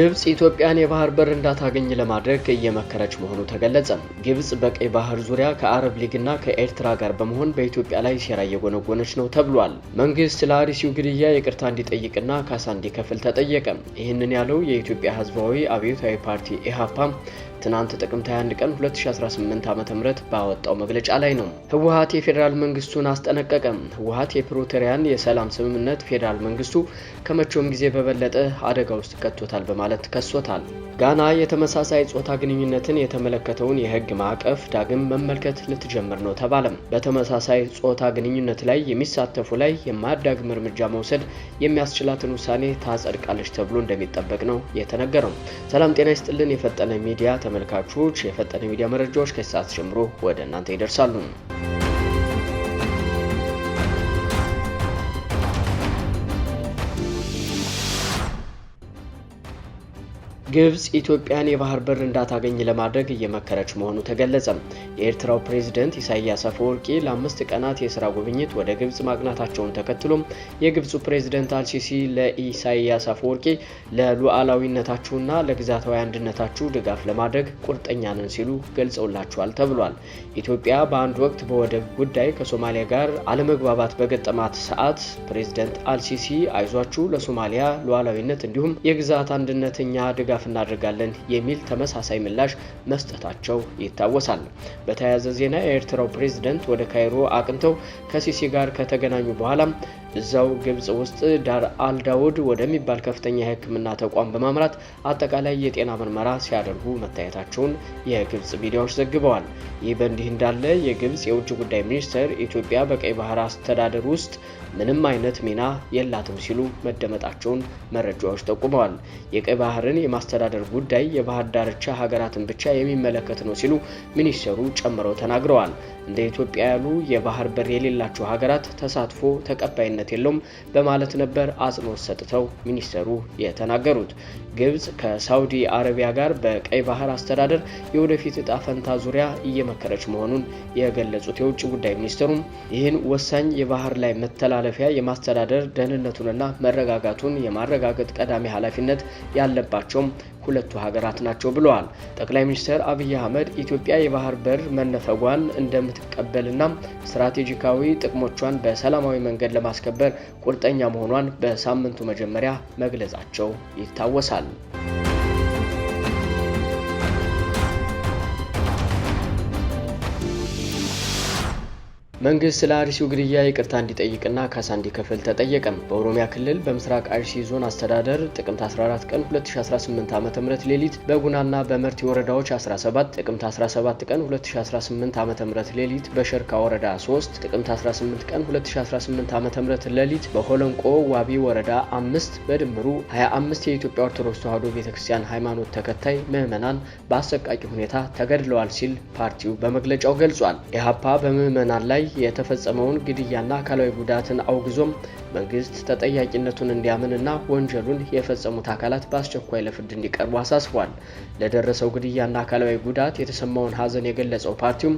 ግብጽ ኢትዮጵያን የባህር በር እንዳታገኝ ለማድረግ እየመከረች መሆኑ ተገለጸ። ግብጽ በቀይ ባህር ዙሪያ ከአረብ ሊግና ከኤርትራ ጋር በመሆን በኢትዮጵያ ላይ ሴራ እየጎነጎነች ነው ተብሏል። መንግስት ለአርሲው ግድያ ይቅርታ እንዲጠይቅና ካሳ እንዲከፍል ተጠየቀ። ይህንን ያለው የኢትዮጵያ ህዝባዊ አብዮታዊ ፓርቲ ኢህአፓም ትናንት ጥቅምት 21 ቀን 2018 ዓ.ም ባወጣው መግለጫ ላይ ነው። ህወሀት የፌዴራል መንግስቱን አስጠነቀቀም። ህወሀት የፕሪቶሪያን የሰላም ስምምነት ፌዴራል መንግስቱ ከመቼውም ጊዜ በበለጠ አደጋ ውስጥ ከቶታል በማለት ከሶታል። ጋና የተመሳሳይ ጾታ ግንኙነትን የተመለከተውን የህግ ማዕቀፍ ዳግም መመልከት ልትጀምር ነው ተባለም። በተመሳሳይ ጾታ ግንኙነት ላይ የሚሳተፉ ላይ የማያዳግም እርምጃ መውሰድ የሚያስችላትን ውሳኔ ታጸድቃለች ተብሎ እንደሚጠበቅ ነው የተነገረው። ሰላም ጤና ይስጥልን የፈጠነ ሚዲያ ተመልካቾች፣ የፈጠነ ሚዲያ መረጃዎች ከሰዓት ጀምሮ ወደ እናንተ ይደርሳሉ። ግብጽ ኢትዮጵያን የባህር በር እንዳታገኝ ለማድረግ እየመከረች መሆኑ ተገለጸ። የኤርትራው ፕሬዝደንት ኢሳያስ አፈወርቂ ለአምስት ቀናት የስራ ጉብኝት ወደ ግብጽ ማቅናታቸውን ተከትሎም የግብፁ ፕሬዝደንት አልሲሲ ለኢሳያስ አፈወርቂ ለሉዓላዊነታችሁና ለግዛታዊ አንድነታችሁ ድጋፍ ለማድረግ ቁርጠኛ ነን ሲሉ ገልጸውላችኋል ተብሏል። ኢትዮጵያ በአንድ ወቅት በወደብ ጉዳይ ከሶማሊያ ጋር አለመግባባት በገጠማት ሰዓት ፕሬዝደንት አልሲሲ አይዟችሁ፣ ለሶማሊያ ሉዓላዊነት እንዲሁም የግዛት አንድነተኛ ድጋፍ ድጋፍ እናደርጋለን የሚል ተመሳሳይ ምላሽ መስጠታቸው ይታወሳል። በተያያዘ ዜና የኤርትራው ፕሬዝደንት ወደ ካይሮ አቅንተው ከሲሲ ጋር ከተገናኙ በኋላም እዛው ግብጽ ውስጥ ዳር አልዳውድ ወደሚባል ከፍተኛ የሕክምና ተቋም በማምራት አጠቃላይ የጤና ምርመራ ሲያደርጉ መታየታቸውን የግብጽ ሚዲያዎች ዘግበዋል። ይህ በእንዲህ እንዳለ የግብጽ የውጭ ጉዳይ ሚኒስትር ኢትዮጵያ በቀይ ባህር አስተዳደር ውስጥ ምንም አይነት ሚና የላትም ሲሉ መደመጣቸውን መረጃዎች ጠቁመዋል። የቀይ ባህርን የማስ አስተዳደር ጉዳይ የባህር ዳርቻ ሀገራትን ብቻ የሚመለከት ነው ሲሉ ሚኒስቴሩ ጨምረው ተናግረዋል። እንደ ኢትዮጵያ ያሉ የባህር በር የሌላቸው ሀገራት ተሳትፎ ተቀባይነት የለውም በማለት ነበር አጽንኦት ሰጥተው ሚኒስተሩ የተናገሩት። ግብጽ ከሳውዲ አረቢያ ጋር በቀይ ባህር አስተዳደር የወደፊት እጣ ፈንታ ዙሪያ እየመከረች መሆኑን የገለጹት የውጭ ጉዳይ ሚኒስተሩም ይህን ወሳኝ የባህር ላይ መተላለፊያ የማስተዳደር ደህንነቱንና መረጋጋቱን የማረጋገጥ ቀዳሚ ኃላፊነት ያለባቸውም ሁለቱ ሀገራት ናቸው ብለዋል። ጠቅላይ ሚኒስትር አብይ አህመድ ኢትዮጵያ የባህር በር መነፈጓን እንደምትቀበልና ስትራቴጂካዊ ጥቅሞቿን በሰላማዊ መንገድ ለማስከበር ቁርጠኛ መሆኗን በሳምንቱ መጀመሪያ መግለጻቸው ይታወሳል። መንግስት ስለ አርሲው ግድያ ይቅርታ እንዲጠይቅና ካሳ እንዲከፍል ተጠየቀም። በኦሮሚያ ክልል በምስራቅ አርሲ ዞን አስተዳደር ጥቅምት 14 ቀን 2018 ዓ ም ሌሊት በጉናና በመርቲ ወረዳዎች 17፣ ጥቅምት 17 ቀን 2018 ዓ ም ሌሊት በሸርካ ወረዳ 3፣ ጥቅምት 18 ቀን 2018 ዓ ም ሌሊት በሆለንቆ ዋቢ ወረዳ 5 በድምሩ 25 የኢትዮጵያ ኦርቶዶክስ ተዋሕዶ ቤተክርስቲያን ሃይማኖት ተከታይ ምዕመናን በአሰቃቂ ሁኔታ ተገድለዋል ሲል ፓርቲው በመግለጫው ገልጿል። ኢህአፓ በምዕመናን ላይ የተፈጸመውን ግድያና አካላዊ ጉዳትን አውግዞም መንግስት ተጠያቂነቱን እንዲያምንና ወንጀሉን የፈጸሙት አካላት በአስቸኳይ ለፍርድ እንዲቀርቡ አሳስቧል። ለደረሰው ግድያና አካላዊ ጉዳት የተሰማውን ሀዘን የገለጸው ፓርቲውም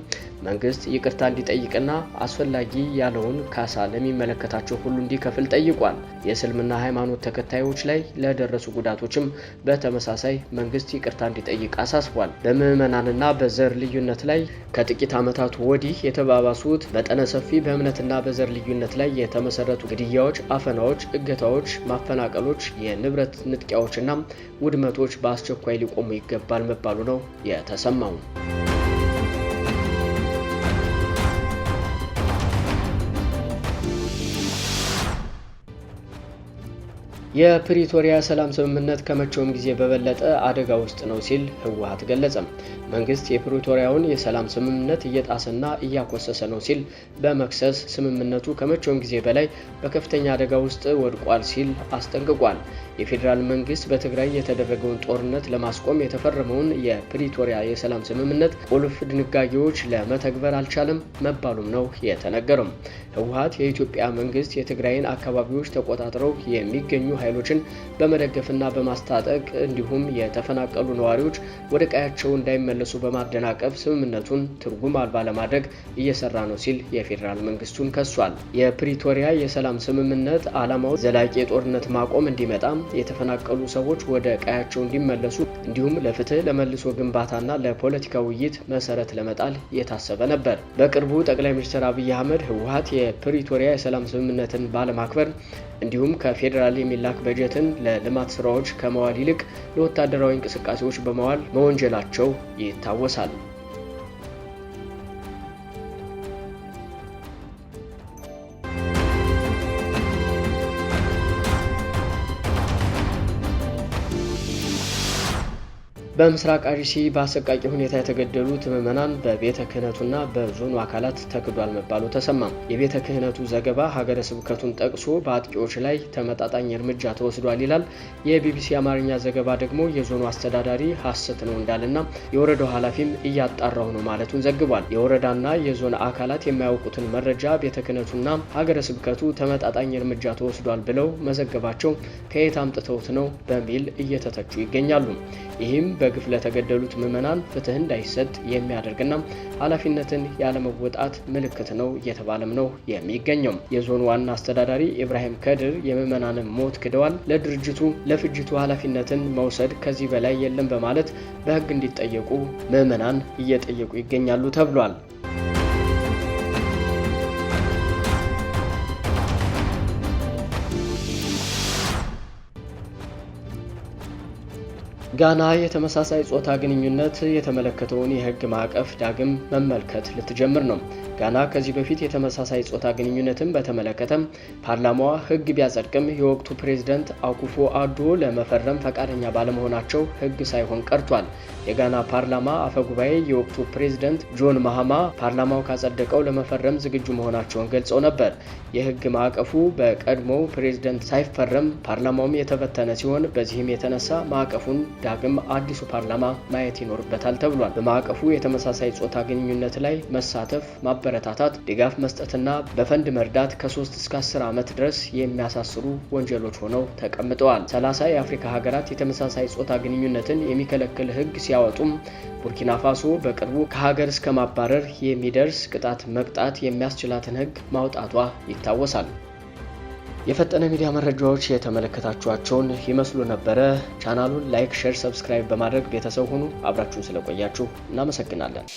መንግስት ይቅርታ እንዲጠይቅና አስፈላጊ ያለውን ካሳ ለሚመለከታቸው ሁሉ እንዲከፍል ጠይቋል። የእስልምና ሃይማኖት ተከታዮች ላይ ለደረሱ ጉዳቶችም በተመሳሳይ መንግስት ይቅርታ እንዲጠይቅ አሳስቧል። በምዕመናንና በዘር ልዩነት ላይ ከጥቂት ዓመታት ወዲህ የተባባሱት መጠነ ሰፊ በእምነትና በዘር ልዩነት ላይ የተመሰረቱ ግድያዎች፣ አፈናዎች፣ እገታዎች፣ ማፈናቀሎች፣ የንብረት ንጥቂያዎችና ውድመቶች በአስቸኳይ ሊቆሙ ይገባል መባሉ ነው የተሰማው። የፕሪቶሪያ ሰላም ስምምነት ከመቼውም ጊዜ በበለጠ አደጋ ውስጥ ነው ሲል ህወሀት ገለጸም። መንግስት የፕሪቶሪያውን የሰላም ስምምነት እየጣሰና እያኮሰሰ ነው ሲል በመክሰስ ስምምነቱ ከመቼውም ጊዜ በላይ በከፍተኛ አደጋ ውስጥ ወድቋል ሲል አስጠንቅቋል። የፌዴራል መንግስት በትግራይ የተደረገውን ጦርነት ለማስቆም የተፈረመውን የፕሪቶሪያ የሰላም ስምምነት ቁልፍ ድንጋጌዎች ለመተግበር አልቻለም መባሉም ነው የተነገረም። ህወሀት የኢትዮጵያ መንግስት የትግራይን አካባቢዎች ተቆጣጥረው የሚገኙ ኃይሎችን በመደገፍና በማስታጠቅ እንዲሁም የተፈናቀሉ ነዋሪዎች ወደ ቀያቸው እንዳይመለሱ በማደናቀፍ ስምምነቱን ትርጉም አልባ ለማድረግ እየሰራ ነው ሲል የፌዴራል መንግስቱን ከሷል። የፕሪቶሪያ የሰላም ስምምነት ዓላማው ዘላቂ የጦርነት ማቆም እንዲመጣ፣ የተፈናቀሉ ሰዎች ወደ ቀያቸው እንዲመለሱ እንዲሁም ለፍትህ ለመልሶ ግንባታና ለፖለቲካ ውይይት መሰረት ለመጣል የታሰበ ነበር። በቅርቡ ጠቅላይ ሚኒስትር አብይ አህመድ ህወሀት የፕሪቶሪያ የሰላም ስምምነትን ባለማክበር እንዲሁም ከፌዴራል የሚላክ በጀትን ለልማት ስራዎች ከመዋል ይልቅ ለወታደራዊ እንቅስቃሴዎች በመዋል መወንጀላቸው ይታወሳል። በምስራቅ አርሲ በአሰቃቂ ሁኔታ የተገደሉት ምዕመናን በቤተ ክህነቱና በዞኑ አካላት ተክዷል መባሉ ተሰማ። የቤተ ክህነቱ ዘገባ ሀገረ ስብከቱን ጠቅሶ በአጥቂዎች ላይ ተመጣጣኝ እርምጃ ተወስዷል ይላል። የቢቢሲ አማርኛ ዘገባ ደግሞ የዞኑ አስተዳዳሪ ሐሰት ነው እንዳለና የወረዳው ኃላፊም እያጣራሁ ነው ማለቱን ዘግቧል። የወረዳና የዞን አካላት የማያውቁትን መረጃ ቤተ ክህነቱና ሀገረ ስብከቱ ተመጣጣኝ እርምጃ ተወስዷል ብለው መዘገባቸው ከየት አምጥተውት ነው በሚል እየተተቹ ይገኛሉ። ይህም በ በግፍ ለተገደሉት ምዕመናን ፍትህ እንዳይሰጥ የሚያደርግና ኃላፊነትን ያለመወጣት ምልክት ነው እየተባለም ነው የሚገኘው። የዞኑ ዋና አስተዳዳሪ ኢብራሂም ከድር የምዕመናንን ሞት ክደዋል። ለድርጅቱ ለፍጅቱ ኃላፊነትን መውሰድ ከዚህ በላይ የለም በማለት በህግ እንዲጠየቁ ምዕመናን እየጠየቁ ይገኛሉ ተብሏል። ጋና የተመሳሳይ ጾታ ግንኙነት የተመለከተውን የህግ ማዕቀፍ ዳግም መመልከት ልትጀምር ነው። ጋና ከዚህ በፊት የተመሳሳይ ጾታ ግንኙነትን በተመለከተ ፓርላማዋ ህግ ቢያጸድቅም የወቅቱ ፕሬዝደንት አኩፎ አዶ ለመፈረም ፈቃደኛ ባለመሆናቸው ህግ ሳይሆን ቀርቷል። የጋና ፓርላማ ጉባኤ የወቅቱ ፕሬዝደንት ጆን ማሃማ ፓርላማው ካጸደቀው ለመፈረም ዝግጁ መሆናቸውን ገልጸው ነበር። የህግ ማዕቀፉ በቀድሞው ፕሬዝደንት ሳይፈረም ፓርላማውም የተበተነ ሲሆን በዚህም የተነሳ ማዕቀፉን ዳግም አዲሱ ፓርላማ ማየት ይኖርበታል ተብሏል። በማዕቀፉ የተመሳሳይ ጾታ ግንኙነት ላይ መሳተፍ ማበረታታት፣ ድጋፍ መስጠትና በፈንድ መርዳት ከ3 እስከ 10 ዓመት ድረስ የሚያሳስሩ ወንጀሎች ሆነው ተቀምጠዋል። 30 የአፍሪካ ሀገራት የተመሳሳይ ጾታ ግንኙነትን የሚከለክል ሕግ ሲያወጡም ቡርኪና ፋሶ በቅርቡ ከሀገር እስከ ማባረር የሚደርስ ቅጣት መቅጣት የሚያስችላትን ሕግ ማውጣቷ ይታወሳል። የፈጠነ ሚዲያ መረጃዎች የተመለከታችኋቸውን ይመስሉ ነበረ። ቻናሉን ላይክ፣ ሼር፣ ሰብስክራይብ በማድረግ ቤተሰብ ሁኑ። አብራችሁን ስለቆያችሁ እናመሰግናለን።